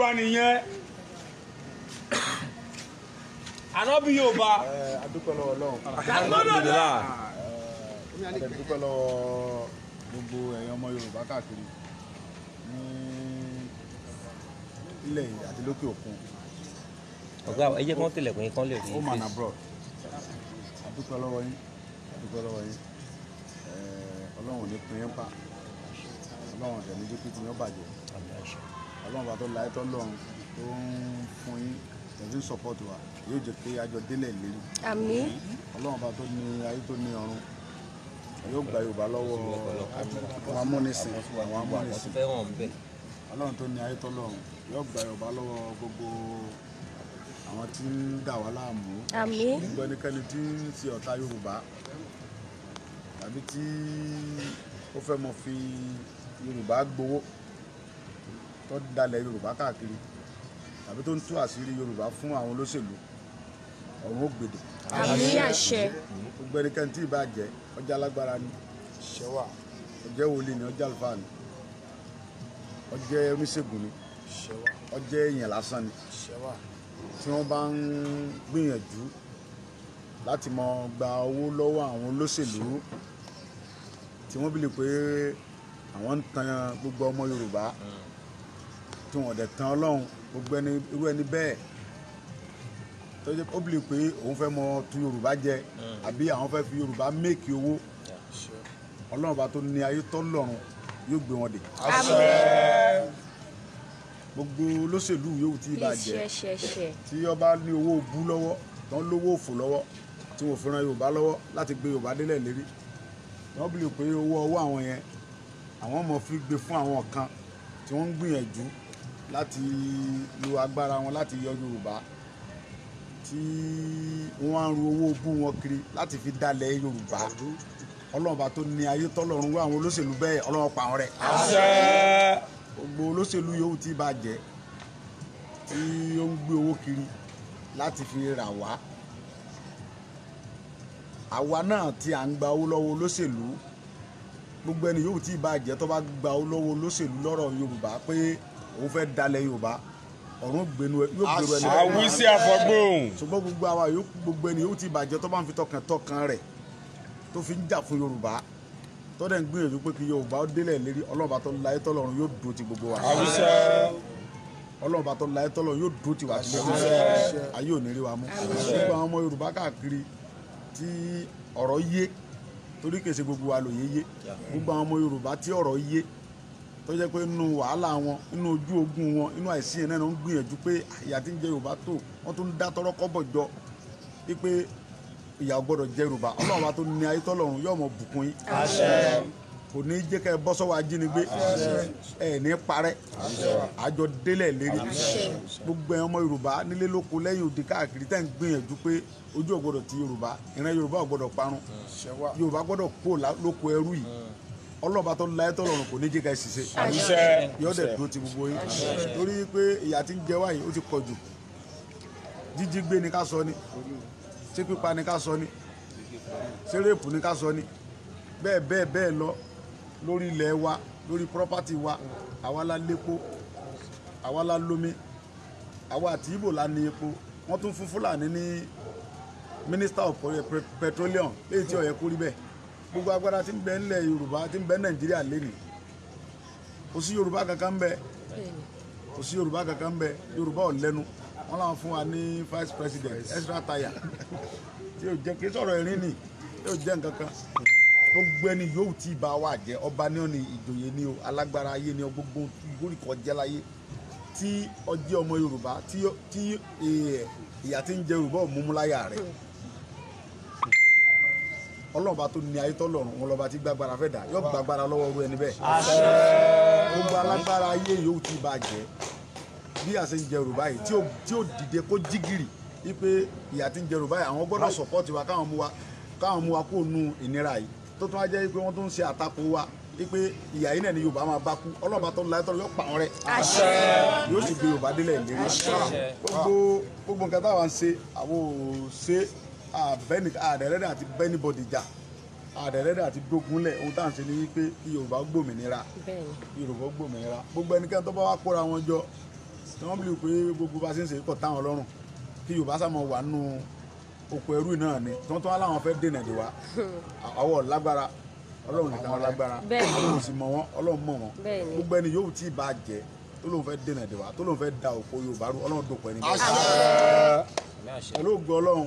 wa nìyẹn ànábì yóò bá. a dúpẹ́ lọ́wọ́ Ọlọ́run a dúpẹ́ lọ́wọ́ gbogbo ẹ̀yin ọmọ Yorùbá káàkiri ní ilẹ̀ àti lókè òkun. ọ̀gá ẹ jẹ́ kí wọ́n tilẹ̀kùn yín kán lè kún yín please. a dúpẹ́ lọ́wọ́ yín a dúpẹ́ lọ́wọ́ yín Ọlọ́run ò ní pín yín pa Ọlọ́run ò dẹ̀ ní jẹ́ kí yín ó bàjẹ́ ọlọ́run bá tó la ẹtọ́ lọ́run tó ń fún yín ẹ̀sìn support wa yóò jẹ́ pé àjọ délẹ̀ lérí. àmín. ọlọ́run bá tó ní ayé tó ní ọ̀run yóò gba yorùbá lọ́wọ́ àwọn amúnisìn àwọn amúnisìn ọlọ́run tó ní ayé tó lọ́run yóò gba yorùbá lọ́wọ́ gbogbo àwọn tí ń dà wá láàmú. àmín. gbogbo ẹnikẹ́ni tí ń ṣe ọ̀tá yorùbá tàbí tí ó fẹ́ mọ fi yorùbá gbowó tó dalẹ̀ yorùbá káàkiri tàbí tó ń tú àṣírí yorùbá fún àwọn olóṣèlú ọ̀run ògbèdè. àmì àṣẹ. gbogbo ẹnikẹ́ni tí ìbá jẹ́ ọjà alágbára ni ṣẹwà ọjẹ́ wòlíì ni ọjà àlùfáà ni ọjẹ́ oníṣègùn ni ṣẹwà ọjẹ́ èèyàn lásán ni ṣẹwà tí wọ́n bá ń gbìyànjú láti mọ gba owó lọ́wọ́ àwọn olóṣèlú tí wọ́n bí lè pé àwọn ń tan gbogbo ọmọ yorùbá. Mm tí wọn dẹ̀ tán ọlọ́run gbogbo ẹni irú ẹni bẹ́ẹ̀ tó ṣe ó bìlì pé òun fẹ́ mọ tu yorùbá jẹ hmm. àbí àwọn fẹ́ fi yorùbá méèkì owó ọlọ́run bá tó ní ayé tọ́ lọ́run yóò gbé wọn dé. gbogbo olóṣèlú yóò tí ì bá jẹ tí ọba ní owó bú lọ́wọ́ tán lówó òfò lọ́wọ́ tí wọn fi ran yorùbá lọ́wọ́ láti gbé yorùbá délẹ̀ lérí wọn bìlì pé owó ọwọ́ àwọn yẹn àwọn ọmọ fi gbé fún àwọn kan tí wọ́n ń gbìyànjú láti lo agbára wọn láti yọ Yorùbá tí wọ́n á ń ru owó bú wọn kiri láti fi dalẹ̀ Yorùbá ọlọ́run bá tó ní ayé tọ́lọ́run wá àwọn olóṣèlú bẹ́ẹ̀ ọlọ́run pa wọn rẹ̀. àṣẹ. gbogbo olóṣèlú yòówù tí bá jẹ́ tí ó ń gbé owó kiri láti fi rà wá àwa náà tí à ń gba owó lọ́wọ́ olóṣèlú gbogbo ẹni yòówù tí bá jẹ́ tó bá gba owó lọ́wọ́ olóṣèlú lọ́rọ̀ Yorùbá pé òun fẹ́ dalẹ̀ yorùbá ọ̀run gbẹnu ẹ yóò gbẹnu ẹni. àwísí àfọgbóhùn. ṣùgbọ́n gbogbo àwa yòókù gbogbo ẹni yóò ti bàjẹ́ tó bá ń fi tọkàntọkàn rẹ̀ tó fi ń jà fún yorùbá tó ń gbìyànjú pé kí yorùbá ó délẹ̀ lérí ọlọ́ọ̀bá tó láyé tọ́lọ́run yóò dúró ti gbogbo wa. àwísẹ́. ọlọ́ọ̀bá tó láyé tọ́lọ́run yóò dúró ti wà tó gbogbo wa. ayé ò ní rí wa mú. gbogbo àwọn ọmọ yorùbá káàkiri tí ọ̀rọ̀ yé torí kèsè gbogbo wa lòye yé gbogbo àwọn ọmọ yorùbá tí ọ̀rọ̀ yé tó jẹ́ pé nínú wàhálà wọn nínú ojú ogun wọn nínú àìsí yẹn náà ń gbìyànjú pé ìyà tí ń jẹ yorùbá tó wọn tún dá tọrọ kọ́bọ̀ jọ wípé ìyà gbọ́dọ̀ jẹ yorùbá ọlọ́run wa tó ní ayé tọ́lọ́run yóò mọ bùkún yín. àṣẹ kò ní jẹ́ ká ẹ bọ́ sọ́wọ́ ajínigbé ẹ ní parẹ́ àjọ délẹ̀ lérí gbogbo ẹ̀ ọmọ yorùbá nílé lóko lẹ́yìn òde káàkiri tá à ń gbìyànjú pé ojú ò gbọ́dọ̀ ti yorùbá ìran yorùbá ò gbọ́dọ̀ parun yorùbá gbọ́dọ̀ kó lóko ẹrú yìí ọlọ́ọ̀bá tó la ẹ́ tọ̀lọ̀rùn kò ní jẹ́ ká ẹ ṣiṣẹ́ yóò dẹ̀ dúró ti gbogbo yín torí pé ìyà tí ń jẹ wáyé ó ti pọ̀ jù jíjí gbé ni ká sọ ni ṣé pípa ni ká sọ ni ṣé rèpù ni ká sọ ni bẹ́ẹ̀ bẹ́ẹ̀ bẹ́ẹ̀ lọ lórí ilẹ̀ wa lórí property wa àwa la lépo àwa la lómi àwa àti Ìgbò la ní epo wọ́n tún fún Fúlàní ní minister of petroleum léyìí tí ó yẹ kó rí bẹ́ẹ̀ gbogbo agbára tí ń bẹ ńlẹ̀ yorùbá tí ń bẹ nàìjíríà lénìí kò sí yorùbá kankan ń bẹ kò sí yorùbá kankan ń bẹ yorùbá ò lẹ́nu wọn làwọn fún wa ní vice president extra tire tí yóò jẹ kí sọ̀rọ̀ ẹ̀rín ni yóò jẹ nǹkan kan gbogbo ẹni yóò ti bá wa jẹ ọba ní ọ̀nì ìjòyè ní o alágbára ayé ní o gbogbo ìgbóríkọ jẹ́ láyé tí ọmọ yorùbá tí eh, ìyà tí ń jẹ yorùbá ò múmú láyà ọlọ́run bá tó ní ayé tọ́ lọ́run wọn lọ́ba tí gbàgbára fẹ́ dà yọ gbàgbára lọ́wọ́ ru ẹni bẹ́ẹ̀. gbogbo alágbára ayé yòówù ti bá jẹ bí a ṣe ń jẹ yorùbá yìí tí ó dìde kó jígìrì wípé ìyá ti ń jẹ yorùbá yìí àwọn gbọ́dọ̀ sọ̀pọ̀tì wa káwọn mú wa káwọn mú wa kó nu ìnira yìí tó tún wá jẹ́ pé wọ́n tún ń ṣe àtakò wa wípé ìyá yìí náà ni yorùbá máa bá kú ọlọ́ba tó ń la ẹ̀tọ́ yóò pa wọn rẹ yóò sì gbé yorùbá délẹ̀ ìlérí gbogbo àbẹ́ni àdẹ̀rẹ́dẹ̀ àti bẹ́nibọ̀dì jà àdẹ̀rẹ́dẹ̀ àti dógunlẹ̀ ohun tá à ń ṣe ni wípé kí Yorùbá gbòmìnira Yorùbá gbòmìnira gbogbo ẹnikẹ́ni tó bá wá kóra wọn jọ tí wọ́n bí pé gbogbo bá ṣe ń ṣe kọ̀ táwọn lọ́rùn kí Yorùbá sá máa wà nù oko ẹrú náà ni tí wọ́n tún wá láwọn fẹ́ dènà dè wá àwọ̀ lágbára Ọlọ́run nìkan wọn lágbára Ọlọ́run sì mọ̀ wọn Ọlọ́run mọ̀ wọn gbogbo ẹni yóò tí ì bá jẹ́ tó lóun fẹ́ dènà dè wá tó lóun fẹ́ da òpó Yorùbá rú Ọlọ́run dòpọ̀ ẹni bẹ́ẹ̀ pẹ̀lú ògbó Ọlọ́run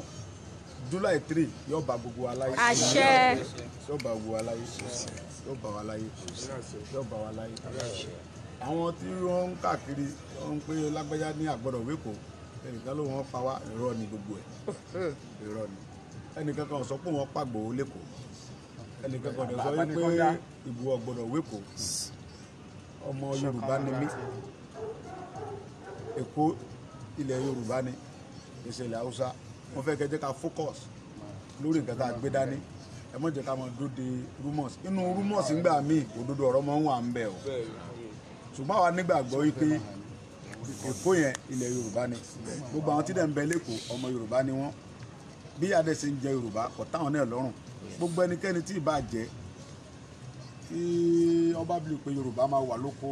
july three yóò bá gbogbo wa láyé. àṣẹ. yóò bá gbogbo wa láyé. yóò bá wa láyé. yóò bá wa láyé. àwọn tí wọ́n ń káàkiri wọ́n ń pé lágbájá ní àgbọ̀dọ̀ wéko ẹnìkan ló wọ́n pa wá irọ́ ni gbogbo ẹ̀ irọ́ ni ẹnìkan kan sọ pé wọ́n pàgbò lẹ́kọ̀ọ́ ẹnìkan kan sọ pé ìbò ọ̀gbọ̀dọ̀ wéko ọmọ yorùbá ni mí èkó ilẹ̀ yorùbá ni ìṣẹ̀lẹ̀ haúsá mo fẹ́ kẹ́ jẹ́ ká focus lórí nǹkan tá a gbé dání ẹ mọ̀ jẹ́ ká máa dóde rumors inú rumors ń gbà míì òdodo ọ̀rọ̀ máa ń wà ń bẹ̀ o ṣùgbọ́n àwa nígbàgbọ́ yìí pé èkó yẹn ilẹ̀ yorùbá ni gbogbo àwọn tí dẹ̀ ń bẹ lẹ́kọ̀ọ́ ọmọ yorùbá ni wọ́n bí adẹ́sẹ̀ ń jẹ yorùbá kò táwọn náà lọ́rùn gbogbo ẹnikẹ́ni tí ì jẹ́ tí ọba bíi pé yorùbá máa wà lóko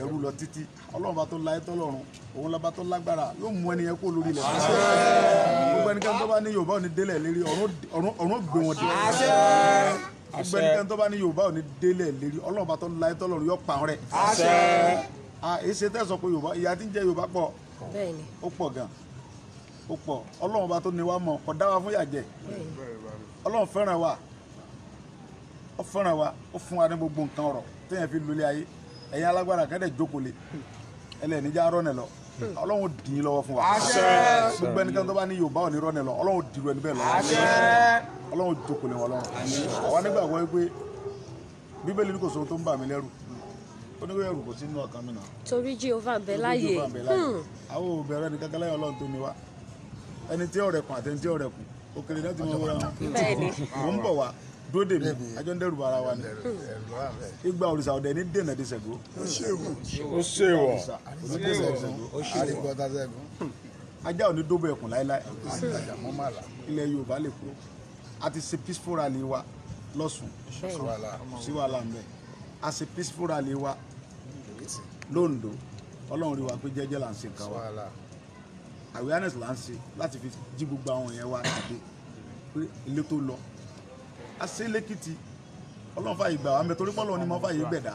ẹrú lọ títí ọlọ́run bá tó láyé tọ́lọ́run òun lọ́ba tó lágbára yóò mú ẹni yẹn kó lórí ilẹ̀ gbogbo ẹnikẹ́ni tó bá ní yorùbá ò ní délẹ̀ lérí ọ̀run gbé wọn dé gbogbo ẹnikẹ́ni tó bá ní yorùbá ò ní délẹ̀ lérí ọlọ́ọ̀bá tó láyé tọ́lọ́run yọ pa wọn rẹ̀ èsì tẹ̀sán pé yorùbá ìyá tí ń jẹ yorùbá pọ̀ ó pọ̀ gan ó pọ̀ ọlọ́run bá tó ní wa mọ̀ kò dá wa fún yàjẹ́ ọlọ́run fẹ́ràn wa ó fẹ́ràn wa ó fún wa ní gbogbo nǹkan ọ̀rọ̀ téèyàn fi lulẹ̀ ayé ẹ̀yin alágbára kan dẹ̀ jókòó lé ẹlẹ́nìjà rọ́ọ̀nẹ̀ lọ Hmm. ọlọ́run dì í lọ́wọ́ fún wa gbogbo ẹnikẹ́ni tó bá ní yorùbá ò ní rọ́ọ̀nì lọ ọlọ́run dì í rẹ̀ níbẹ̀ lọ́wọ́ ọlọ́run jókòó lé wọn lọ́rùn àwọn nígbàgbọ́ pé bíbélì ní kò sóhun tó ń bà mí lẹ́rù onígbé ẹrù kò sí inú ọkàn mi náà. torí Jehovah ń bẹ láàyè hmm. àwọn òbẹ̀rẹ̀ ẹni kankan láyé ọlọ́run tó ní wa ẹni tí ọ̀rẹ́kùn àti ẹni tí ọ̀rẹ́kùn òkèlè náà ti mọ wúra dúró dè mí ajọ́ ń dẹ́rù bara wa ni igba òrìṣà ọ̀dẹ̀ ní dènà di ṣẹ̀gó. ó ṣe wọ̀ ó ṣe wọ̀ hmm. ajá ò ní dóbò ẹkùn láéláé ilẹ̀ Yorùbá lè kúrò a ti ṣe peaceful rally wa lọ́sùn sí wàhálà ń bẹ̀ a ṣe peaceful rally wa lóńdó Ọlọ́run rí wa pé jẹ́jẹ́ là ń ṣe nǹkan wa awareness là ń ṣe láti fi jí gbogbo àwọn yẹn wa tàbí pé ilé tó lọ asélékìtì ọlọ́run fàyè gbà wá mẹ́ torí pọ́lọ́ ni mo fàyè gbẹ̀dá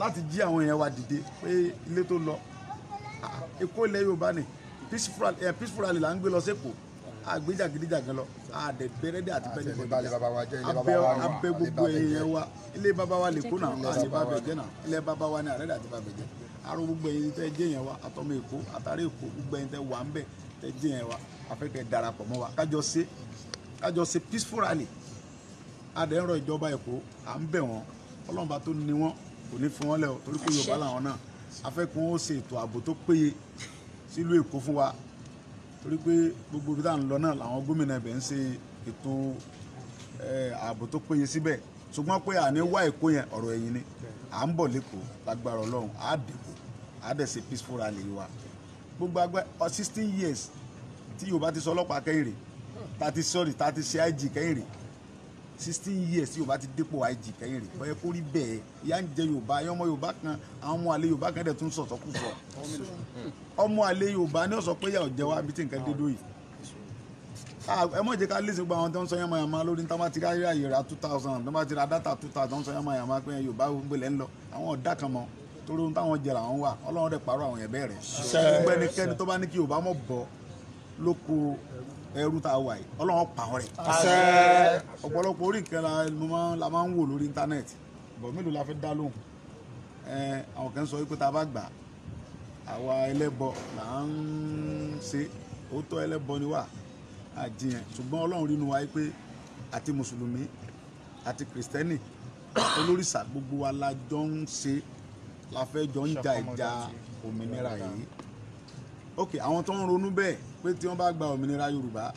láti jí àwọn èèyàn wa dìde pé ilé tó lọ ah, Èkó ilẹ̀ Yorùbá ni peaceful rally eh, là ń gbé lọ sẹ́kọ̀ọ́ àgbéjà gidijagan lọ àdẹ bẹrẹdẹ àti bẹni bọdọ abẹ abẹ gbogbo ẹyẹ wa ilé baba wa lè kó náà àti bàbẹ jẹ náà ilé baba wa ni àrẹdẹ àti bàbẹ jẹ àrùn gbogbo ẹyin tẹ jẹ yẹn wa àtọmọ Èkó àtàrí Èkó gbogbo ẹyin tẹ wà ń bẹ tẹ jẹ yẹn wa afẹkẹ darapọ̀ mọ́ wa kájọ se kájọ ṣe peaceful rally adẹ́rọ̀ ìjọba èkó à ń bẹ̀ wọ́n ọlọ́mọba tó ní wọ́n kò ní fún wọn lẹ̀ torí pé yorùbá làwọn náà afẹ́kùn ó ṣe ètò ààbò tó péye sílùú èkó fún wa torí pé gbogbo ibi tá à ń lọ náà làwọn gómìnà ibẹ̀ ń ṣe ètò ààbò tó péye síbẹ̀ ṣùgbọ́n pé àní wá èkó yẹn ọ̀rọ̀ ẹ̀yìn ni à ń bọ̀ lẹ́kọ̀ọ́ lágbára ọlọ́run á dẹ̀kọ̀ á dẹ̀ ṣe peaceful rally wa gbogbo agbẹ́ sixteen years tí yorùbá ti sọ ọlọ́pàá kẹ́hìn tàti sọ́ọ̀rì tàti ṣe IG kẹ́yìn rè sixteen years yorùbá ti dépò IG kẹ́yìn rè bọ́yẹ kó rí bẹ́ẹ̀ ìyá ń jẹ yorùbá ẹ̀yọ́ ọmọ yorùbá kan àwọn ọmọ àlè yorùbá kan dẹ̀ tún sọ̀tọ̀ kù sọ ọmọ àlè yorùbá ní ọ̀sọ̀ pé yà ọ̀jẹ̀ wa bí tí nǹkan dédó yìí ẹ mọ̀ jẹ́ ká lè ṣe gba àwọn tó ń sọ yánmọ́ yánmọ́ lórí tá bá ti rí àyè ra two thousand tó bá ti ra data two thousand tó ń sọ yánmọ́ yánmọ́ pé yorùbá gbogbo ilẹ̀ ń lọ àwọn ọ̀dà kan mọ́ torí ohun táwọn jẹrà àwọn wà ọlọ́run dẹ̀ pààrọ̀ àwọn ẹ̀bẹ̀ rẹ̀ gbogbo ẹnikẹ́ni tó bá ní kí yorùbá mọ̀ bọ̀ lóko ẹrú tá a wà yìí ọlọ́run pa ọ́ rẹ̀. ọ̀pọ̀lọpọ̀ orí nǹkan la máa ń wò lórí íńtánẹ́ẹ̀tì bọ̀ mélòó la fi dá lóhùn àwọn kan sọ wípé tá a bá gbà àwa ẹlẹ́bọ là ń ṣe òótọ́ ẹlẹ́bọ ni wà àjiyàn ṣùgbọ́n ọlọ́run rí nu wa pé àti mùsùlùmí àti kìrìsìtẹ́nì olórìṣà gbogbo wa la jọ ń ṣe la fẹ́ jọ ń ja ìjà òmìnira yìí ok àwọn tó ń ronú bẹ́ẹ̀ pé tí wọ́n bá gba òmìnira yorùbá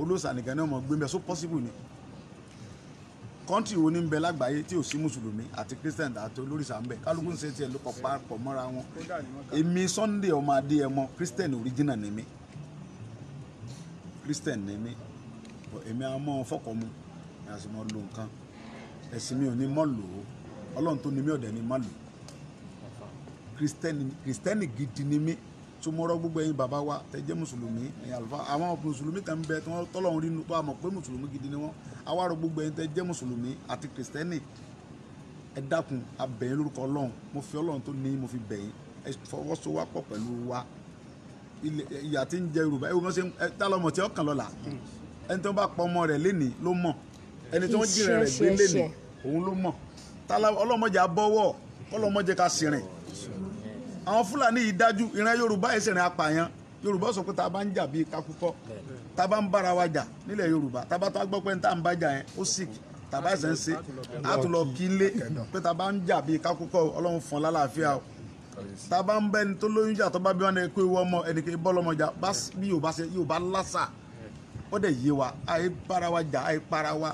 olóòṣà nìkan náà mọ̀ gbẹ́mbẹ́ so possible ni kọ́ńtì wo ni ń bẹ lágbàáyé tí ò sí mùsùlùmí àti christian àti olórìṣà ń kálukú ń ṣe tiẹ̀ ló kọ́ papọ̀ mọ́ra wọn èmi sunday ọmọ adé ẹmọ christian original ni mí christian ni mí èmi àwọn ọmọ fọkọ mu ni a sì mọ lo nǹkan ẹ̀sìn mi ò ní mọ́ lò ó ọlọ́run tó ni mí ọ̀dẹ̀ ni mọ́ lò ó christian gidi ni mí tó mọ́rọ́ gbogbo ẹ̀yin bàbá wa tẹ jẹ́ mùsùlùmí ẹ̀yin àlùfáà àwọn mùsùlùmí tẹ̀ ń bẹ tí wọ́n tọ́lọ́run rí tó àmọ̀ pé mùsùlùmí gidi ni wọ́n awárò gbogbo ẹ̀yin tẹ jẹ́ mùsùlùmí àti kìrìsìtẹ́nì ẹ dákun lórúkọ ọlọ́run mo fi ọlọ́run tó ní mo fi bẹ̀yìn ẹ fọwọ́sowọ́pọ̀ pẹ̀lú wa ìyà tí ń jẹ yorùbá ẹ wọ́n ṣe tá lọ́mọ tí ọkàn lọ́la ẹni tó bá pọ ọmọ rẹ̀ lénìí ló mọ̀ ẹni tó ń jìnrìn rẹ̀ gbé àwọn fúlàní yìí dájú ìran yorùbá yìí ṣèrìn apààyàn yorùbá sọ pé tá a bá ń jà bíi kakúkọ tá a bá ń bára wa jà nílẹ̀ yorùbá tá a bá tó gbọ́ pé tá à ń bá jà yẹn ó sick tá a bá ṣe ń ṣe á tún lọ kí lé pé tá bá ń jà bíi kakúkọ ọlọ́run fún lálàáfíà o tá a bá ń bẹ́ ẹni tó lóyún jà tó bá bí wọn kó ewu ọmọ ẹnìkan bọ́lọ́mọ jà bí yorùbá ṣe yorùbá lásà ó dẹ̀ yé wa àyè para wa jà àyè para wa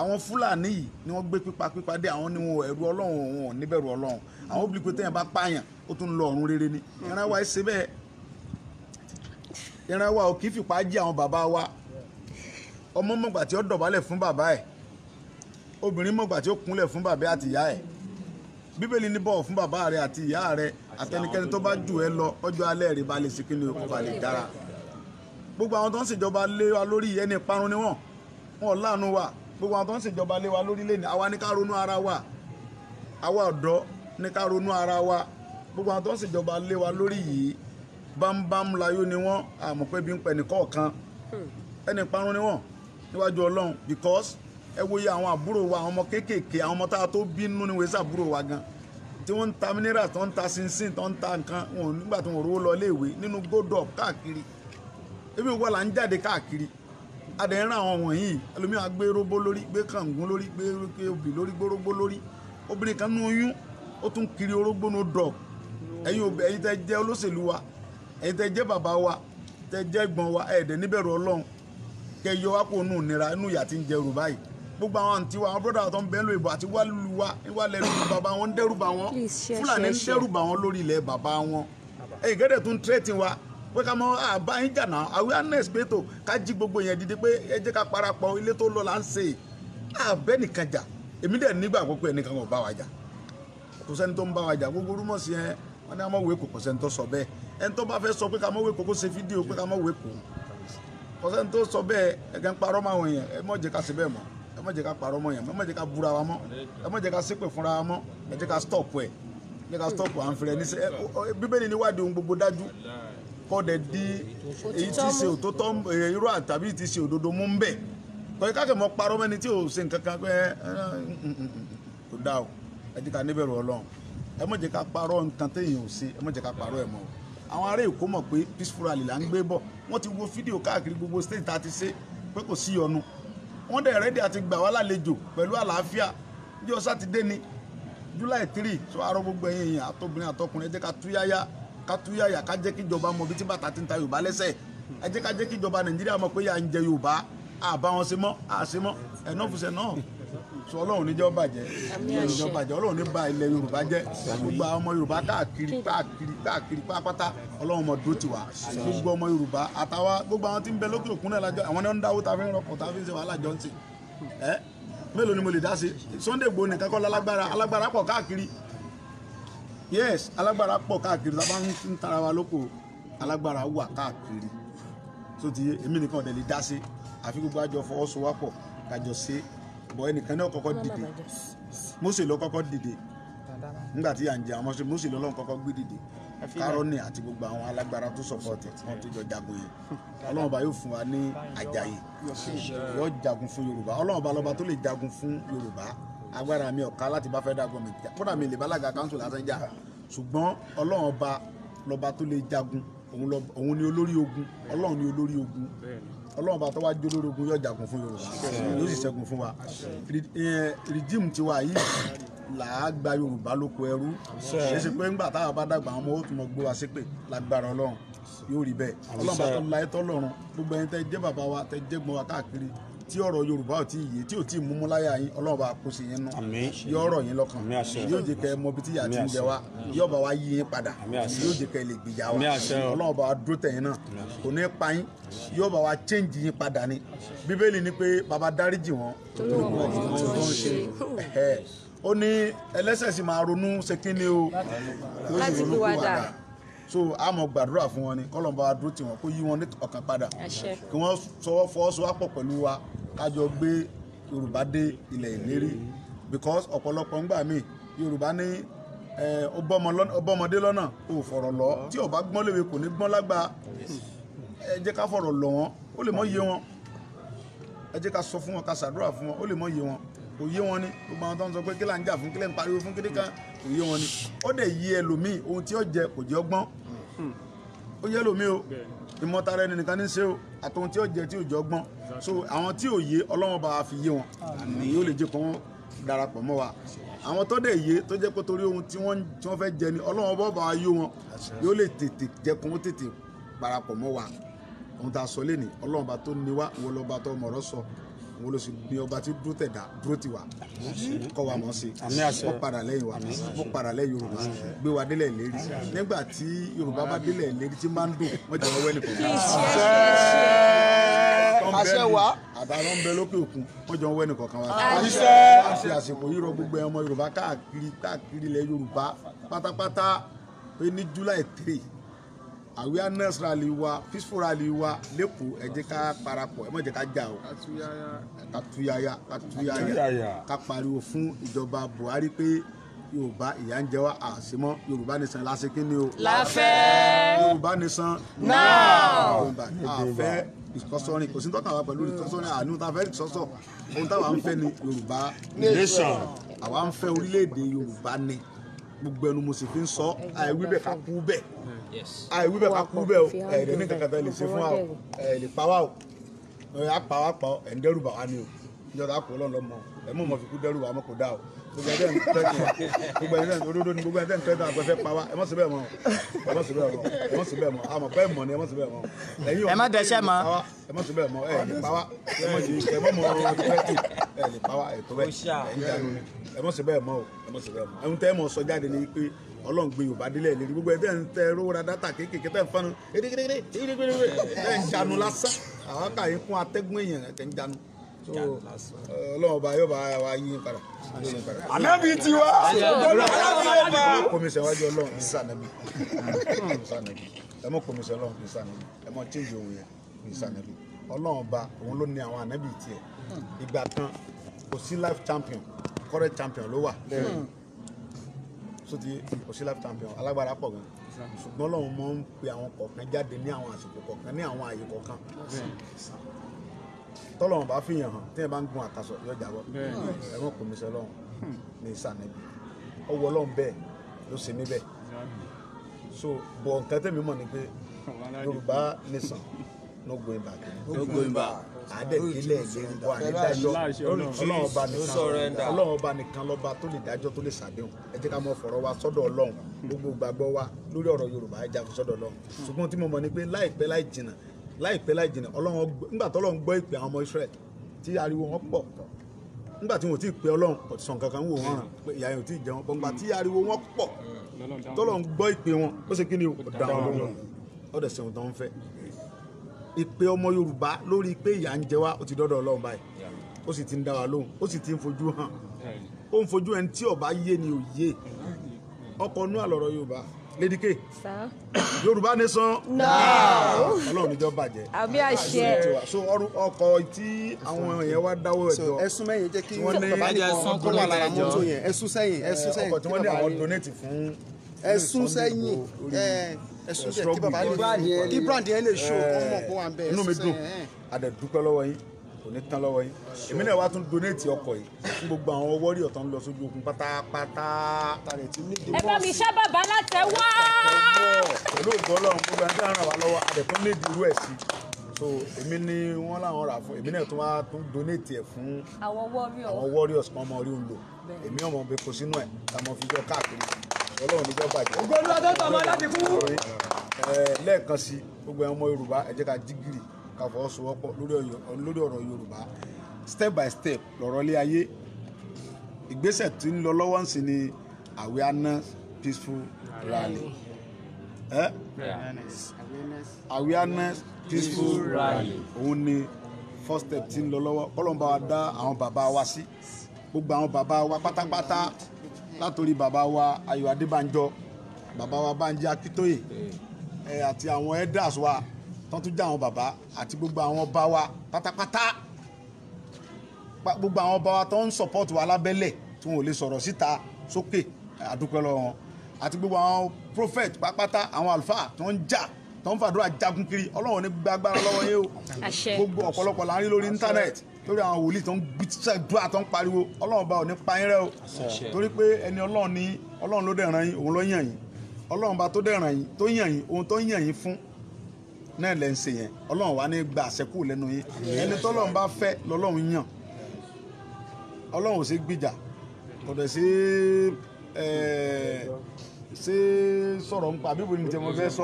àwọn fúlàní yìí ni wọ́n gbé pípa pípa dé àwọn ni wọn ẹ̀rù ọlọ́run wọn ò níbẹ̀rù ọlọ́run àwọn obìnrin pé téèyàn bá pààyàn ó tún lọ ọ̀run rere ni ìran wa ṣe bẹ́ẹ̀ ìran wa ò kì í fipá jí àwọn bàbá wa ọmọ mọ̀gbà tí ó dọ̀bálẹ̀ fún bàbá ẹ̀ obìnrin mọ̀gbà tí ó kúnlẹ̀ fún bàbá àti ìyá ẹ̀ bíbélì ní bọ̀wọ̀ fún bàbá rẹ̀ àti ìyá rẹ̀ àtẹnikẹ́ni tó bá jù ẹ lọ ọjọ́ alẹ́ rẹ̀ bá lè ṣe kí ni kò bá lè dára gbogbo àwọn tó ń ṣèjọba lé wa lórí ẹni parun ni wọn wọn láàánú wa gbogbo àwọn tó ń ṣèjọba lé wa lórí lẹ́nu àwa ní ká ronú ara wa àwa ọ̀dọ́ ní ká ronú ara wa gbogbo àwọn tó ń ṣèjọba lé wa lórí yìí bámbám layó ni wọ́n àmọ́ pé bí ń pẹ̀ nìkọ̀ọ̀kan ẹni parun ni wọ́n níwájú ọlọ́run because ẹ wo iye àwọn àbúrò wa àwọn ọmọ kéékèèké àwọn ọmọ tá a tó bínú ni wọ́n ṣe àbúrò wa gan tí wọ́n ń ta mineral tó ń ta sinsin tó ń ta nǹkan wọn ò nígbà tó ń rówó lọ iléèwé nínú godop káàkiri ebi wọ́n là ń jáde káàkiri adẹ̀rìn àwọn wọ̀nyí ẹlòmíràn gbé róbó lórí gbé kàngún lórí gbé obì lórí gbórógbó lórí obìnrin kan ní oyún ó tún kiri orógbó no dog ẹ̀yin òbí ẹ̀yin tẹ́ jẹ́ olóṣèlú wa ẹ̀yin tẹ́ jẹ́ bàbá wa tẹ́ jẹ́ gbọ́n wa ẹ̀ẹ́dẹ̀ níbẹ̀rù ọlọ́run kẹ́ yọ wá kó nù nira inú ìyà tí ń jẹ rù báyìí gbogbo àwọn àǹtí wa àwọn bọ́dà tó ń bẹ́ẹ̀ lò ìbò àti wàlúù wa ìwàlẹ̀ lù bàbá wọn ń dẹ́rù bà wọn fúlàní ń dẹ́rù bà wọn lórí ilẹ̀ bàbá wọn ẹ̀yin gẹ́dẹ̀ tún tírẹ́tì wa pé ká mọ àbá yín jà náà awareness pé tó ká jí gbogbo yẹn dìde pé ẹ jẹ́ ká parapọ̀ ilé tó lọ là ń ṣe àbẹ́ nìkan jà èmi dẹ̀ nígbàgbọ́ pé ẹnìkan kò bá wa jà kò sẹ́ni tó ń bá wa jà gbogbo rúmọ̀ yẹn wọ́n ní amọ̀wé kò kọ̀sẹ̀ tó sọ bẹ́ẹ̀ ẹni tó bá fẹ́ sọ pé ká mọ̀wé kò kó ṣe fídíò pé ká mọ̀wé kò kọ̀sẹ̀ tó sọ bẹ́ẹ̀ ẹ̀gẹ́ ń parọ́ máa wọ̀nyẹn ẹ mọ̀ jẹ́ ká ṣe bẹ́ẹ̀ mọ́ ẹ mọ̀ jẹ́ ká parọ́ mọ́ yẹn ẹ mọ̀ jẹ́ ká búra wa mọ́ ẹ mọ̀ jẹ́ ká ṣépè fúnra wa mọ́ ẹ jẹ́ ká stop ẹ̀ ẹ jẹ́ ká stop à ń fẹ́rẹ̀ ní bíbélì níwádìí ohun gbogbo dájú kọ́ dẹ̀ di èyí tí ṣe òtótọ́ irú àtàbí ti ṣe òdodo mú ń bẹ̀ kọ́ni káàkiri mọ́ parọ́ mẹ́ni tí ẹ ká ẹ má jẹ́ ká parọ́ nǹkan téèyàn ò ṣe ẹ má jẹ́ ká parọ́ ẹ̀ mọ́ àwọn ará èkó mọ̀ pé peaceful rally là ń gbé bọ̀ wọ́n ti wo fídíò káàkiri gbogbo state tá a ti ṣe pé kò sí ọ̀nù wọ́n dẹ̀ rẹ́dí àti gbà wá lálejò pẹ̀lú àlàáfíà ní ọjọ́ sátidé ni july three tó arọ gbogbo ẹ̀yin èèyàn àtọkùnrin àtọkùnrin ẹ jẹ́ ká túyáyá ká túyáyá ká jẹ́ kí ìjọba mọ̀ bí tí bàtà ti ń ta yorùbá lẹ́sẹ̀ ẹ jẹ́ ká jẹ́ kí ìjọba nàìjíríà mọ̀ pé yà ń jẹ yorùbá àbáwọn ṣe mọ́ àṣemọ́ enough is enough sọ ọlọ́run níjọ́ bàjẹ́ níjọ́ bàjẹ́ ọlọ́run ní ba ilẹ̀ yorùbá jẹ́ gbogbo àwọn ọmọ yorùbá káàkiri káàkiri káàkiri pátápátá ọlọ́run ọmọ dúró tiwa gbogbo ọmọ yorùbá àtàwa gbogbo àwọn tí ń bẹ lókè òkun náà lájọ àwọn náà ń dáwó ta rọpò ta ṣe wàhálà jọ ẹ mélòó ni mo lè dá sí Sunday Igboho nìkan kọ́ lálágbára alágbára pọ̀ káàkiri yes alágbára pọ̀ káàkiri tá a bá ń tara wa lóko alágbára wà káàkiri tó ti yé èmi nìkan ọ̀dẹ̀ lè dá sí àfi gbogbo àjọ fọwọ́sowọ́pọ̀ kájọ ṣe bọ̀ ẹnìkan náà kọ́kọ́ dìde Mósè ló kọ́kọ́ dìde nígbà tí à ń jẹ àwọn ọmọọṣẹ Mósè lọ́lọ́run kọ́kọ́ gbé dìde Kárọ́nì àti gbogbo àwọn alágbára tó sọ̀pọ̀tì wọn tó jọ jagun yẹn Ọlọ́run bá yóò fún wa ní àjàyè yóò jagun fún Yorùbá Ọlọ́run bá lọ́ba tó lè jagun fún Yorùbá agbára mi ọ̀ka láti bá fẹ́ dàgbọ́ mi kódà mi lè bá alága káńsù lásán jà ṣùgbọ́n Ọlọ́run ọba lọ́ba tó lè jagun òun ni olórí ogun Ọlọ́run ni olórí ogun ọlọ́run bá tó wá jólórógun yóò jagun fún yorùbá yóò sì ṣẹ́gun fún wa rìdíìmù eh, tiwa yìí là á gba yorùbá lóko ẹrú ṣèṣe pé ńgbà táwọn bá dàgbà àwọn ọmọ ó tún mọ gbé wa ṣépè lágbára ọlọ́run yóò rí bẹ́ẹ̀ ọlọ́run bá tó la ẹtọ́ lọ́run gbogbo ẹni tẹ́ jẹ́ bàbá wa tẹ́ jẹ́ gbọ́n wa káàkiri tí ọ̀rọ̀ yorùbá ò tí ì yé tí ò tí ì múmú láyà yín ọlọ́run bá kó sí yín nú yóò ọ̀rọ̀ yín lọ́kàn yóò jẹ́ kẹ́ ẹ mọ bí tí ìyà ti ń jẹ wá yóò bá wa yí yín padà yóò jẹ́ kẹ́ lè gbìyà wá ọlọ́run bá wa dúró tẹ̀yìn náà kò ní pa yín yóò bá wa change yín padà ni bíbélì ni pé bàbá dáríjì wọn tó ń ṣe ó ní ẹlẹ́ṣẹ̀ máa ronú ṣe kí ni o so a mọ gbàdúrà fún wọn ni kọlọmọba dúró tiwọn kó yí wọn ní ọkàn padà kí wọn sọwọ fọwọ́sowọ́pọ̀ pẹ̀lú wa kájọ gbé yorùbá dé ilẹ̀ ìlérí because ọ̀pọ̀lọpọ̀ ń gbà mí yorùbá ní ọbọ̀mọdé lọ́nà ò fọ̀rọ̀ lọ tí ò bá gbọ́n lèwe kò ní gbọ́n lágbà ẹ jẹ́ ká fọ̀rọ̀ lọ̀ wọ́n ó lè mọ yé wọn ẹ jẹ́ ká sọ fún wọn ká ṣàdúrà fún wọn ó lè mọ yé wọn kò yé wọn ni gbogbo àwọn tó ń sọ pé kí là ń jà fún kí ń pariwo fún kí kò yé wọn ni ó dẹ̀ yé ẹlòmíì ohun tí ó jẹ kò jẹ́ ọgbọ́n ó yẹ lómi o ìmọ̀tara ẹni nìkan ní ṣe o àtòun tí ó jẹ tí ò jọ gbọ́n so àwọn tí ò yé ọlọ́wọ́n bá fi yé wọn àmì yóò lè jẹ́ kó wọ́n darapọ̀ mọ́ wa àwọn tó dẹ̀ yé tó jẹ́ pé torí ohun tí wọ́n fẹ́ jẹ ni ọlọ́wọ́n bá bá yó wọn yóò lè tètè jẹ́ kó wọ́n tètè parapọ̀ mọ́ wa ohun tá a sọ lé ní ọlọ́wọ́n bá tó ní wá wọlọ́ba tó mọ̀rọ̀ sọ òun ló sì ní ọba tí dúró tẹ̀dá dúró ti wà kọ́ wa mọ̀ sí ó padà lẹ́yìn wa ó padà lẹ́yìn yorùbá gbé wa délẹ̀ lérí nígbà tí yorùbá bá délẹ̀ lérí tí máa ń dùn wọ́n jẹ́ wọ́n wẹ́nì kọ̀ọ̀kan. àṣẹ wa àtàwọn ń bẹ lókè òkun wọ́n jọ ń wẹ́nì kọ̀ọ̀kan wa. àṣẹ àti àsìkò yìí rọ gbogbo ọmọ yorùbá káàkiri káàkiri ilẹ̀ yorùbá pátápátá pé ní july three awareness rally wa peaceful rally wa lẹ́kọ̀ọ́ ẹ jẹ́ ká parapọ̀ ẹ má jẹ́ ká jà o ká tuyaya ká pariwo fún ìjọba Buhari pé yorùbá ìyà ń jẹ àṣemọ yorùbá nìsan la ṣe kí ni o. la yorùbá nìsan. náà. àfẹ́ ìsọsọrin kò sí tọ́ka wa pẹ̀lú ìsọsọrin àánú tá a fẹ́ ìsọsọ ohun táwa ń fẹ́ ni yorùbá. nation. àwa ń fẹ́ orílẹ̀-èdè yorùbá ni gbogbo ẹnu mo sì fi ń sọ àìwí ká kú bẹ́ẹ̀ hmm. àìwí ká kú bẹ́ẹ̀ o ẹ̀ẹ́dẹ̀ ní kankan fẹ́ lè ṣe fún wa o ẹ̀ẹ́ lè pa wa o ẹ̀ẹ́ apá wa pa ọ ẹ̀ ń dẹ́rù bà ni o níjọba kò lọ́n lọ́mọ ẹ̀ mọ̀ mọ̀ fi kú dẹ́rù wa mọ̀ kò dá o gbogbo ẹ̀dẹ̀ ń tẹ́tù wa gbogbo ẹ̀dẹ̀ ń òdodo ni gbogbo ẹ̀dẹ̀ ń tẹ́tù àgbẹ̀fẹ́ pa wa ẹ̀ mọ̀ sí bẹ́ẹ̀ mọ̀ ẹ̀ mọ̀ sí bẹ́ẹ̀ mọ̀ ẹ̀ mọ̀ sí bẹ́ẹ̀ mọ̀ àmọ̀ pẹ́ mọ̀ ni ẹ̀ mọ̀ sí bẹ́ẹ̀ mọ̀ ẹ̀yin ò ẹ̀ mọ̀ dẹ́ṣẹ̀ mọ̀ ẹ̀ mọ̀ sí bẹ́ẹ̀ mọ̀ ẹ̀ pa wa ẹ̀ mọ̀ sí ẹ̀ mọ̀ mọ̀ tẹ́tù ẹ lè bá wa ètò ẹ ẹ ń dànù ni ẹ mọ̀ sí bẹ́ẹ̀ mọ́ o ẹ mọ̀ sí bẹ́ẹ̀ mọ́ ohun tẹ́ ẹ mọ̀ sọ jáde ni pé ọlọ́run gbé yorùbá délẹ̀ lérí gbogbo ẹ tẹ́ ń tẹ rówóra dátà kéékèèké tẹ́ ń fanu erékérékéré erékérékéré tẹ́ ń dànù lásán àwọn kàyé fún atẹ́gùn èèyàn tẹ́ ń dànù ọlọ́run ọba yóò bá wa yí padà. ànábì ti wá kọmíṣẹ wájú ọlọ́run kì í sànàbì ẹ mọ kọmíṣẹ ọlọ́run kì í ẹ mọ tíyẹ òun yẹn kì í ọlọ́run ọba òun ló ní àwọn ànábì tiẹ̀ ìgbà kan kò sí life champion current champion ló wà sóti kò sí life champion alágbára pọ̀ gan ṣùgbọ́n ọlọ́run mọ̀ ń pe àwọn kọ̀ọ̀kan jáde ní àwọn àsìkò kọ̀ọ̀kan ní àwọn àyè kọ̀ọ̀kan tọ́lọ́run bá fi yàn hàn tí yẹn bá ń gun àtàsọ̀ yóò jábọ́ ẹ̀wọ̀n kò mí sẹ́ lọ́run ní ìsànẹ́bí ọwọ́ ọlọ́run bẹ́ẹ̀ ló ṣe mí bẹ́ẹ̀ so bọ̀ nǹkan tẹ̀mí mọ̀ ni pé Yorùbá nìsan no going back. no going back. àdẹ̀gílẹ̀ ìlérí wa ní dájọ́ ọlọ́run ọba nìkan ọlọ́run ọba nìkan lọ́ba tó lè dájọ́ tó lè ṣàdéhùn ẹ jẹ́ ká mọ fọ̀rọ̀ wa sọ́dọ̀ ọlọ́run gbogbo gbàgbọ́ wa lórí ọ̀rọ̀ yorùbá ẹ jà fún sọ́dọ̀ ọlọ́run ṣùgbọ́n tí mo mọ̀ ni pé láìpẹ́ láì jìnà láìpẹ́ láì jìnà ọlọ́run nígbà tọ́lọ́run gbọ́ ìpè àwọn ọmọ israẹl tí ariwo wọn pọ̀ nígbà tí wọn ò tí ì pe ọlọ́run sàn kankan wò wọn ìyá yẹn ò tí ì jẹun gbọǹgbà tí ariwo wọn pọ̀ tọ́lọ́run gbọ́ ìpè wọn ó ṣe kí ni ó dá wọn lọ́wọ́ ọ̀dẹ̀ ń fẹ́ ìpè ọmọ Yorùbá lórí pé ìyà ń jẹ wá ó ti dọ́dọ̀ Ọlọ́run báyìí ó sì ti ń dá wa lóhùn ó sì ti ń fojú hàn ó ń fojú ẹni tí ọba yé ni òye ọkọ̀ nú àlọ́rọ̀ Yorùbá lédíkè Yorùbá nation Ọlọ́run níjọ bàjẹ́ àbí àṣẹ so ọkọ̀ tí àwọn èèyàn wá dáwọ́ ẹjọ́ ẹ̀sùn mẹ́yìn jẹ́ kí wọ́n ní ẹ̀sùn kó wà lára mọ́tò yẹn ẹ̀sùn sẹ́yìn ẹ̀sùn sẹ́yìn ọkọ̀ tí wọ́n ní àwọn donate fún ẹ̀sùn sẹ́yìn ẹ̀sùn jẹ́ kí èmi náà wá tún donate ọkọ̀ yìí fún gbogbo àwọn wọ́ọ̀rì ọ̀tọ̀ ń lọ sójú ogun pátápátá. ẹ bá mi ṣá bàbá látẹ̀wá. pẹ̀lú ògbọ́n lọ́run gbogbo ẹni tí wọ́n lọ́wọ́ adẹ̀kùn ní ìdí ẹ̀ sí so èmi ni wọ́n làwọn rà fún èmi náà tún wá tún donate ẹ̀ fún àwọn warriors kan mọ orí ń lò èmi ọmọ bẹ kò sínú ẹ̀ ká mọ fi jọ káàkiri ọlọ́run ní jẹ́ bàjẹ́. ògbólú àtọ́tọ̀ ọmọ láti kú. lẹ́ẹ̀kan sí gbogbo ọmọ yorùbá ẹ ká jígìrì ká fọwọ́sowọ́pọ̀ lórí ọ̀rọ̀ yorùbá step by step lọ̀rọ̀ lé ayé ìgbésẹ̀ tí ń lọ lọ́wọ́ ń ni àwẹ̀ aná peaceful rally. Eh? Awareness. peaceful rally òun ni first step tí ń lọ lọ́wọ́ kọ́lọ́n bá wa dá àwọn bàbá wa sí gbogbo àwọn bàbá wa pátápátá látòrí bàbá wa Ayọ̀ Adébánjọ bàbá wa Bánjí Akíntóyè ẹ àti àwọn elders wa tọ́tú jẹ́ àwọn bàbá àti gbogbo àwọn ọba wa pátápátá gbogbo àwọn ọba wa tó ń support wa lábẹ́lẹ̀ tí wọn ò lè sọ̀rọ̀ síta sókè àdúpẹ́ lọ́wọ́ wọn àti gbogbo àwọn prophet pápátá àwọn àlùfáà tó ń jà tó ń fàdúrà jagun kiri ọlọ́run ní gbàgbára lọ́wọ́ yẹn o gbogbo ọ̀pọ̀lọpọ̀ là lórí íńtánẹ́ẹ̀tì torí àwọn wòlíì tó ń gbàdúrà tó ń pariwo ọlọ́run bá ò ní pa yín rẹ́ o torí pé ẹni ọlọ́run ní ọlọ́run ló dẹ̀ràn yín òun ló yàn yín ọlọ́run bá tó dẹ̀ràn yín tó yàn yín ohun tó yàn yín fún náà lẹ́ ń ṣe yẹn ọlọ́run wà ní gba àṣẹkù lẹ́nu yín ẹni tọ́lọ́run bá fẹ́ lọ́lọ́run yàn ọlọ́run ò sí gbìjà kò dẹ̀ sí ṣé sọ̀rọ̀ ń pa bíbo ni jẹ́ mo fẹ́ sọ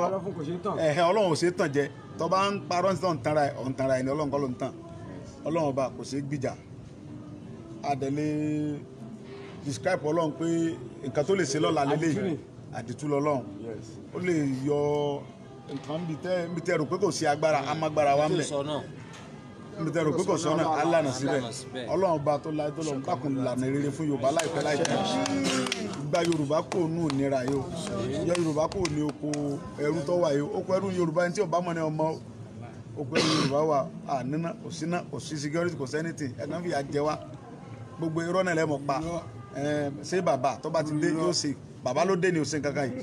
ẹ̀hẹ́ ọlọ́run ò sí tàn jẹ tó bá ń parọ́ ń tàn tàn ẹ̀ ọ̀ ń tàn ẹ̀ ni ọlọ́run kọ́ ló ń tàn ọlọ́run ọba kò ṣeé gbìjà adẹ̀lẹ̀ describe ọlọ́run pé nǹkan tó lè ṣe lọ́la lélẹ̀ àdìtú lọ́lọ́run ó lè yọ nǹkan bí tẹ́ rò pé kò sí agbára amagbára wa mẹ́ bí tẹ́ rò pé kò sọ́nà alànà síbẹ̀ ọlọ́run ọba tó láyé tó lọ́run bákùn lànà rere fún yorùbá láìpẹ́ láìpẹ́ gba yorùbá kò nù nira yìí o yọ yorùbá kò ní oko ẹrú tó yìí oko ẹrú yorùbá ẹni tí ò mọ̀ ní ọmọ òpin yorùbá wa àníná òsínà òsí security kò sẹ́nìtì ẹ̀kan fìyà jẹ wá gbogbo irọ́ náà lẹ́mọ̀ pa ṣé bàbá tó bá ti dé yóò ṣe bàbá ló dé ní òsín kankan yìí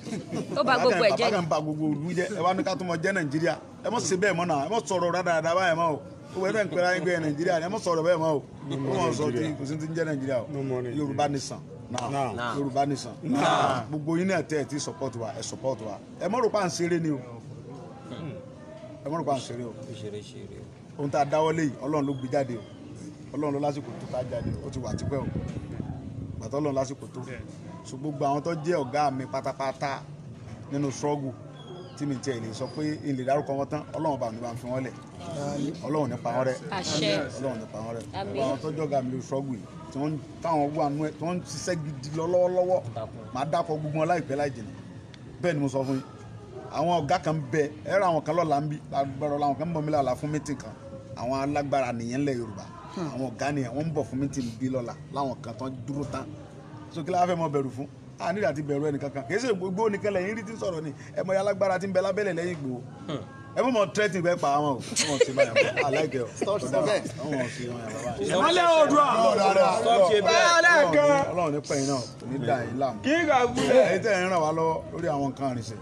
bàbá kan ba gbogbo òlu jẹ ẹ wá ní ká tó mọ jẹ nàìjíríà ẹ mọ ṣe bẹ́ẹ̀ mọ́ náà ẹ mọ sọ̀rọ̀ rádaràdà báyẹn mọ́ o gbogbo ẹ̀rọ ìpẹ́rẹ́ ayé gbé nàìjíríà ẹ mọ sọ̀rọ̀ bẹ́ẹ̀ mọ́ o ó sọ ti kò ti ń jẹ́ nàìjíríà o yorùbá nìsan yorùbá nìsan gbogbo yín náà tẹ́ ẹ ti support wa ẹ support wa ẹ mọ̀ rò pa à ń ṣeré ni o ẹ mọ̀rọ̀ pa ń ṣeré o ohun tá a dáwọ́ lé yìí ọlọ́run ló gbé jáde o ọlọ́run ló lásìkò tó tá a jáde o ó ti wà tipẹ́ o bàtà ọlọ́run lásìkò tó so gbogbo àwọn tó jẹ́ ọ̀gá mi pátápátá nínú ṣọ́ọ̀gù tí mi tiẹ̀ lè sọ pé ilé dárúkọ wọn tán ọlọ́run bá mi bá fi wọ́n lẹ̀ ọlọ́run nípa wọn rẹ̀ ọlọ́run nípa wọn rẹ̀ àwọn tó jọ̀gá mi lórí ṣọ́ọ̀gù yìí tí wọ́n táwọn wà nú ẹ̀ tí wọ́n ṣiṣẹ́ gidi lọ́wọ́lọ́wọ́ màá dákọ̀ gbogbo wọn láìpẹ́ láì bẹ́ẹ̀ ni mo sọ fún yín àwọn ọ̀gá kan bẹ ẹ ra àwọn kan lọ́la ń bí lágbára làwọn kan ń bọ̀ mí lọ́la fún mítìn kan àwọn alágbára nìyẹn lẹ̀ Yorùbá àwọn ọ̀gá nìyẹn wọ́n ń bọ̀ fún mítìn bí lọ́la láwọn kan tán dúró tán so kí fẹ́ mọ bẹ̀rù fún a nílò àti bẹ̀rù ẹnì kankan kì í ṣe gbogbo nìkan lẹ́yìn rí ti sọ̀rọ̀ ni ẹ mọ alágbára ti ń bẹ lábẹ́lẹ̀ lẹ́yìn Ìgbòho ẹ mọ̀ mọ̀ tẹ́tì bẹ́ẹ̀ pa àwọn o ẹ mọ̀ sí ma yàrá aláìkẹ́ o ẹ mọ̀ sí ma yàrá báyìí. Ọlọ́run ní pẹ̀yìn náà ní dàn yín láàmú. kí n kà gbúdẹ̀. èyí tẹ̀ ń ràn wá lọ́wọ́ lórí àwọn nǹkan àrìnṣe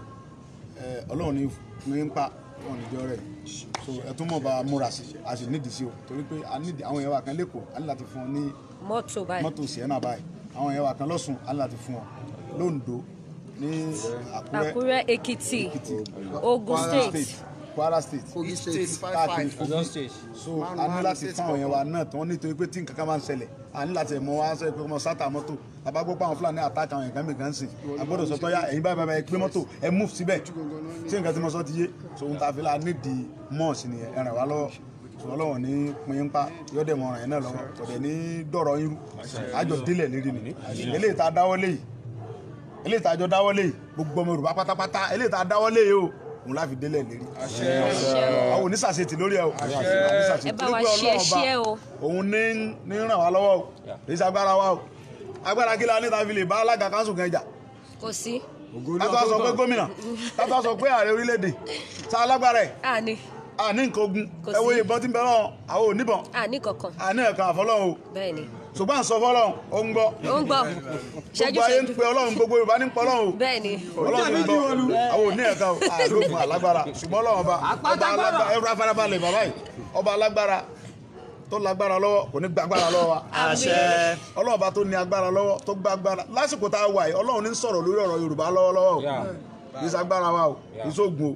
ọlọ́run ní ń pa wọn níjọ rẹ̀ so ẹ tún mọ̀ bá a múra sí a sì nídìí sí o torí pé àwọn èèyàn wà kan a ní láti fún ọ ní mọ́tò báyìí mọ́tò sienna báyìí àwọn èèyàn wà lọ́sùn a ní láti fún ọ lóńdó ní àkúrẹ́ èkìtì Ògùn state. Kwara State Kogi State káàkiri Kogi so a ní láti fún àwọn yẹn wa náà tí wọ́n nítorí pé tí nǹkan kan máa ń ṣẹlẹ̀ a ní láti mọ wá sọ pé ọmọ sátà mọ́tò àbágbó pa àwọn Fúlàní àtàkì àwọn nǹkan mìíràn sí agbọ́dọ̀ sọ tọ́yà ẹ̀yin báyìí báyìí pé mọ́tò ẹ mú síbẹ̀ tí nǹkan tí mo sọ ti yé so n ta fi la nídìí mọ́ọ̀sì nìyẹn ẹ ràn wá lọ́wọ́ ọlọ́wọ̀n ní pin pa yọ́dẹ̀ mọ̀ràn yẹn náà lọ́wọ́ kọ̀dẹ̀ ní dọ̀rọ̀ irú àjọ délẹ̀ lérí ni eléyìí tá a dáwọ́ léyìí eléyìí tá a jọ dáwọ́ léyìí gbogbo ọmọ Yorùbá pátápátá eléyìí tá a dáwọ́ léyìí o òun láfi délẹ̀ lérí àwọn onísàṣetì lórí ẹ o onísàṣetì lórí pé ọlọ́ọ̀ba òun ní ràn wá lọ́wọ́ o èyí ṣàgbára wa o agbára kí la ní ta lè bá alága kanṣu kan jà. kò sí. kátó a sọ pé gómìnà kátó a sọ pé ààrẹ orílẹ̀-èdè sa alágbára ẹ̀. àní. àní nǹkan ogun ẹ wo ìbọn tí ń bẹ lọ́wọ́ àwọn oníbọn. àní kankan. àní ẹ̀ka àfọlọ́wọ́. bẹ́ẹ̀ ni ṣùgbọ́n àṣọ fọlọ́run ó ń gbọ́. ó ń gbọ́ ṣẹ́jú ṣẹ́jú. gbogbo ayé ń pe ọlọ́run gbogbo yorùbá ní ń pọ́ ọlọ́run. bẹ́ẹ̀ni. ọlọ́run ń gbọ́ àwọn òní ẹ̀ka o àlóògùn alágbára ṣùgbọ́n ọlọ́run ọba ọba alágbára ẹ̀rọ afárábalẹ̀ bàbá yìí ọba alágbára tó lágbára lọ́wọ́ kò ní gbàgbára lọ́wọ́ wa. àṣẹ. ọlọ́run ọba tó ní agbára lọ́wọ́ tó gbàgbára lásìkò tá a wà yìí ọlọ́run ní sọ̀rọ̀ lórí ọ̀rọ̀ yorùbá lọ́wọ́lọ́wọ́ o kì í wa o kì í sóògùn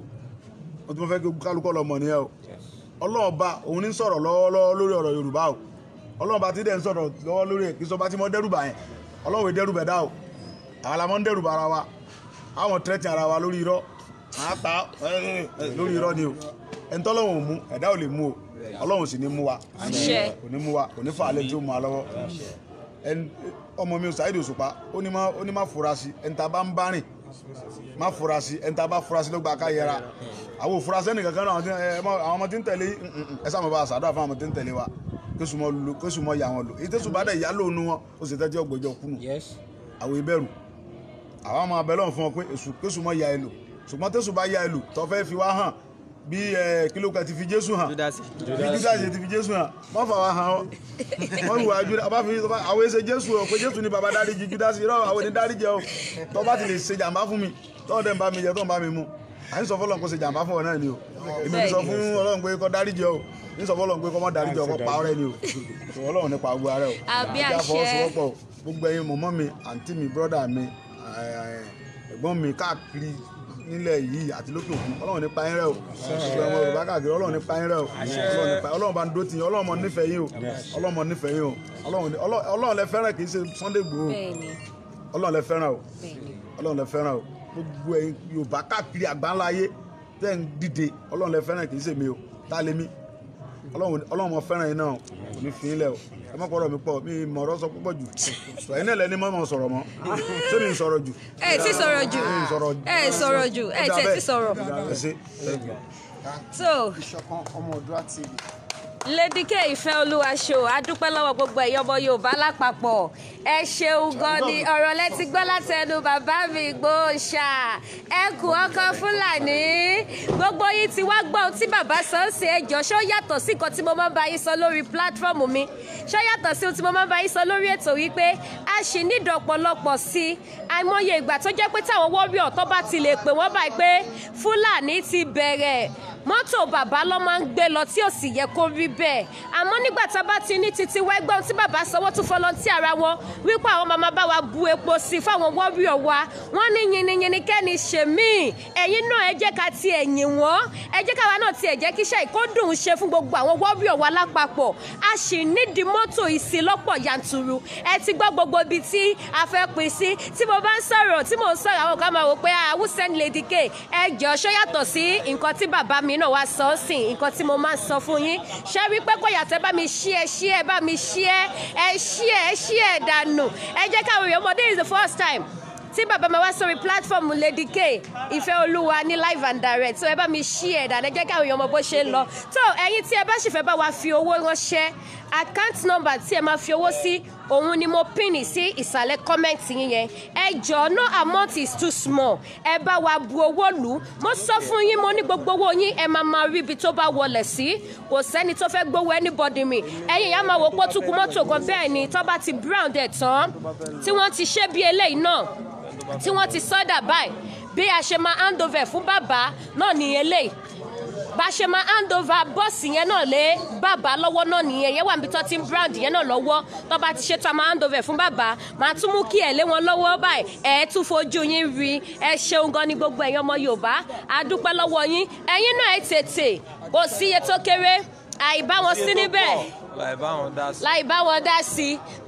o tún fẹ́ kí kálukọ́ lọ mọ̀ nìyẹn o ọlọ́run ọba òun ní sọ̀rọ̀ lọ́wọ́lọ́wọ́ lórí ọ̀rọ̀ yorùbá o ọlọ́run bá ti dẹ̀ ń sọ̀rọ̀ lọ́wọ́ lórí ẹ̀ kí sọ bá ti mọ́ dẹ́rùbà yẹn ọlọ́run dẹ́rùbà dá o àwọn la mọ́ ń dẹ́rùbà ara wa àwọn tẹ́tì ara wa lórí irọ́ àá ta lórí irọ́ ni o ẹni tọ́lọ́run ò mú ẹ̀dá ò lè mú o ọlọ́run sì ní mú wa kò ní mú wa kò ní fà á lẹ́jọ́ mú wa lọ́wọ́ ọmọ mi ṣàìdì òṣùpá ó ní má fura ẹni tá a bá ń bá rìn má fura ẹni tá a bá fura sí ló gba ká yẹra àwọn òfurasẹ́nì kankan náà àwọn ọmọ tí ń tẹ̀lé ẹ sáà mo bá a ṣàdúrà fún ọmọ tí ń tẹ̀lé wa késùmọ lulu késùmọ yà wọn lò èyí tẹsùn bá dẹ ìyá lónú wọn ó sì tẹjọ gbẹjọ kùnú àwọn ìbẹ̀rù àwọn ọmọ abẹ lọhùn fún wọn pé èsù késùmọ yà ẹ lò ṣùgbọ́n tẹsùn bá yà ẹ lò tó fẹ́ fi wá hàn bí kìlókà ti fi jésù hàn bí júdásì ti fi jésù hàn wọn fà wá hàn wọn wù wá júdásì ọba fi àwọn èsè jésù o pé jésù ni bàbá dáríjì júdásì irọ́ àwọn ènìyàn dáríjì o tó bá ti lè ṣe jàǹbá fún mi tó ń dẹ̀ ń bá mi jẹ tó ń bá mi mu à ń sọ fọlọ́n kó ṣe jàǹbá fún ọ náà ni o èmi ń sọ fún ọlọ́run pé kó dáríjì ọ ń sọ fọlọ́n pé kó má dáríjì ọ kó pa ọrẹ ni o ọlọ́run nípa gbogbo ara o àbí àṣẹ gbogbo ẹyin mọ̀mọ́ mi àǹtí mi brọ́dà mi eh, ẹ̀gbọ́n mi káàkiri nílẹ̀ yìí àti lókè òkun ọlọ́run nípa yín rẹ o ọmọ yorùbá káàkiri ọlọ́run nípa yín rẹ o ọlọ́run bá ń dó tiyín ọlọ́run mọ nífẹ̀ẹ́ yín o ọlọ́run mọ nífẹ̀ẹ́ yín o ọlọ́run lẹ fẹ́ràn kì í ṣe Sunday Igboho ọlọ́run lẹ fẹ́ràn o ọlọ́run lẹ fẹ́ràn o gbogbo ẹ̀yin yorùbá káàkiri àgbáńlá ayé tẹ́ ń dìde ọlọ́run lẹ fẹ́ràn kì í ṣèmi o tá a lè mí ọlọ́run mo fẹ́ràn yín náà kò ní fi í o ẹ má pọ̀rọ̀ mi pọ̀ mi mọ̀ ọ̀rọ̀ sọ púpọ̀ jù sọ yín náà lẹni mọ́ mọ́ sọ̀rọ̀ mọ́ ṣé mi ń jù. ẹ ti sọ̀rọ̀ jù ẹ sọ̀rọ̀ jù ẹ ti sọ̀rọ̀. so. ìṣọ̀kan ọmọ Oòduà TV. Lady K ìfẹ́ olúwa ṣó adúpẹ́ lọ́wọ́ gbogbo ẹ̀yọ́ ọmọ Yorùbá lápapọ̀ ẹ ṣeun gan ni ọ̀rọ̀ lẹ́tí gbọ́ látẹnu bàbá mi gbòòṣà ẹ kù ọkọ Fúlàní gbogbo yìí ti wá gbọ́ tí bàbá sọ ń ṣe ẹjọ́ ṣó yàtọ̀ sí nǹkan tí mo máa ń bá yín sọ lórí pílátífọ́ọ̀mù mi ṣó yàtọ̀ sí ohun tí mo máa ń bá yín sọ lórí ètò wípé a ṣì nídọ̀ ọ̀pọ̀lọpọ̀ sí i àìmọye ìgbà tó jẹ́ pé táwọn wọ́ọ̀rì ọ̀tọ́ bá ti pè wọ́n báyìí pé Fúlàní ti bẹ̀rẹ̀ mọ́tò bàbá ló máa ń gbé lọ tí ò sì yẹ kó rí bẹ́ẹ̀ àmọ́ nígbà tá a bá ti ní titi wá ẹgbẹ́ tí bàbá sanwó tún fọlọ́ntì ara wọn wípé àwọn máa bá wa bu epo sí i fáwọn wọ́ríọ̀ wa wọ́n ní yìnyínyìnyín kẹ́ni ṣe míì ẹ̀yin náà ẹ jẹ́ ká ti ẹ̀yìn wọ́n ẹ jẹ́ káwa náà ti ẹ̀ jẹ́ kíṣẹ́ ìkódùn ṣe fún gbogbo àwọn wọ́ríọ̀ wa lápapọ̀ a sì nídìí mọ́tò ìsìn yanturu ẹ ti gbọ́ gbogbo ibi tí a fẹ́ pín sí tí mo bá ń sọ̀rọ̀ tí mo ń sọ̀rọ̀ àwọn kan máa wò pé àwùsẹ́ńg ah, lady k ẹ jọ ṣó yàtọ̀ sí nǹkan tí bàbá mi èmi náà wá sọ ọ́ sìn nǹkan tí mo máa ń sọ fún yín ṣé rí pé kò yàtọ̀ bá mi ṣí ẹ ṣí ẹ bá mi ṣí ẹ ẹ ṣí ẹ ṣí ẹ dànù ẹ jẹ́ káwọn èèyàn mọ̀ this is the first time tí bàbá mi wá sórí platform Lady K ìfẹ́ olúwa ní live and direct so ẹ bá mi ṣí ẹ̀ dàdé jẹ́ káwọn èèyàn mọ bó ṣe ń lọ tó ẹ̀yin tí ẹ bá sì fẹ́ bá wa fi owó ránṣẹ́ account number tí ẹ máa fi owó sí òun ni mo pínì sí ìsàlẹ̀ kọ́mẹ́ǹtì yín yẹn ẹ jọ̀ọ́ no amount is too small ẹ bá wa bu owó lù ú mo sọ fún yín mo ní gbogbo owó yín ẹ máa máa rí ibi tó bá wọlé sí kò sẹ́ni tó fẹ́ gbowó anybody mi ẹ̀yin ìyá máa wò pé ó tún kù mọ́tò gan bẹ́ẹ̀ ni tó bá ti brown dẹ̀ tán tí wọ́n ti ṣe bí eléyìí náà tí wọ́n ti sọ́dà báyìí bí a ṣe máa hand over fún bàbá náà nìyẹn léyìí bá ṣe máa hand over bọ́ọ̀sì yẹn náà lé bàbá lọ́wọ́ náà nìyẹn yẹn wà níbi tó ti ń brand yẹn náà lọ́wọ́ tó bá ti ṣe tó máa hand over fún bàbá máa tún mú kí ẹ̀ lé wọn lọ́wọ́ báyìí ẹ̀ tún fojú yín rí ẹ ṣeun gan ni gbogbo ẹ̀yin ọmọ Yorùbá a lọ́wọ́ yín ẹ̀yin náà ẹ tètè kò sí iye tó kéré àìbá wọn sí níbẹ̀ láì bá wọn dá sí